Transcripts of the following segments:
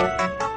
Thank you.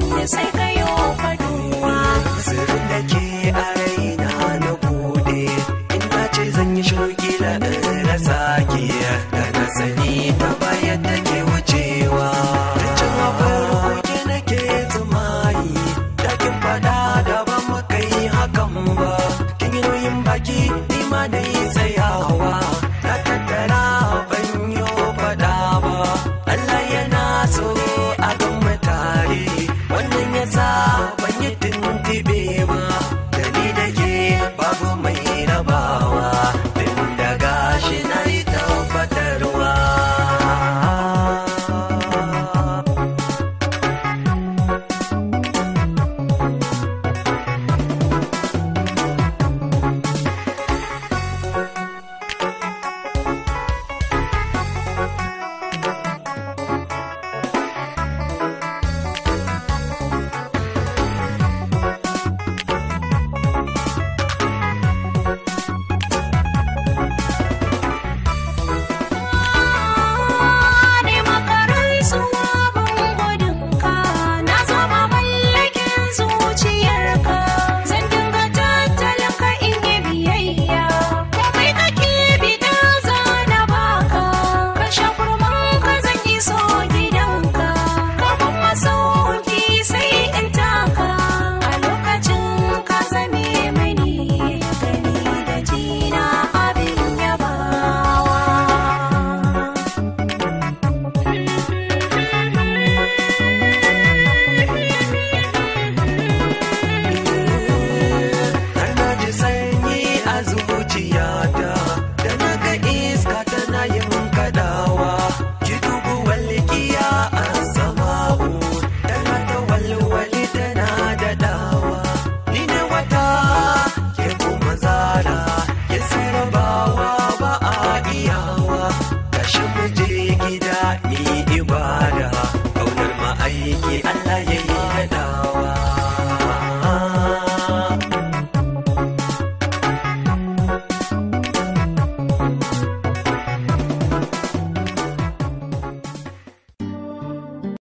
sai you.